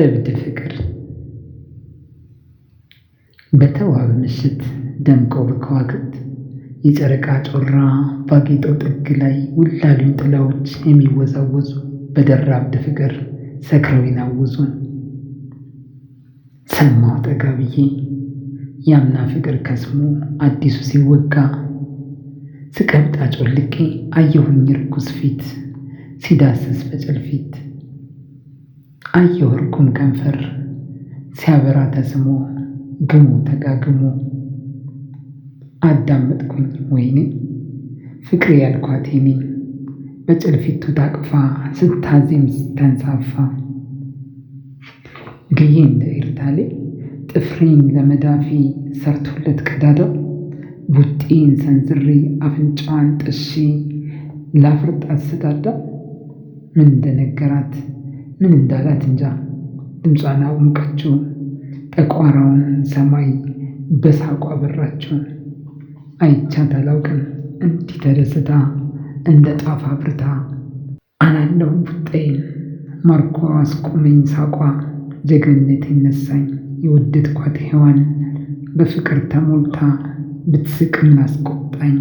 እብድ ፍቅር በተዋብ ምሽት ደምቀው በከዋክብት የጨረቃ ጮራ ባጌጠው ጥግ ላይ ውላሉኝ ጥላዎች የሚወዛወዙ በደራ እብድ ፍቅር ሰክረው ይናውዙን። ሰማሁ ጠጋ ብዬ ያምና ፍቅር ከስሞ አዲሱ ሲወጋ ስቀብጣ ጮልቄ አየሁኝ ርኩስ ፊት ሲዳስስ በጨልፊት አየ ወርቁም ከንፈር ሲያበራ ተስሞ ግሞ ተጋግሞ አዳመጥኩኝ ወይኔ ፍቅሬ ያልኳት የኔን በጭልፊቱ ታቅፋ ስታዜም ስተንሳፋ ግዬ እንደ ኤርታሌ ጥፍሬን ለመዳፊ ሰርቶለት ቀዳዳው ቡጤን ሰንዝሬ አፍንጫዋን ጥሼ ላፍርጣት ስዳዳ ምን እንደነገራት ምን እንዳላት እንጃ። ድምጿን አወቀችው። ጠቋራውን ሰማይ በሳቋ በራችው። አይቻት አላውቅም እንዲህ ተደስታ እንደ ጧፍ አብርታ አላለው ቡጤን ማርኮ አስቆመኝ ሳቋ ጀግንነት ይነሳኝ የወደድኳት ሔዋን በፍቅር ተሞልታ ብትስቅም አስቆጣኝ።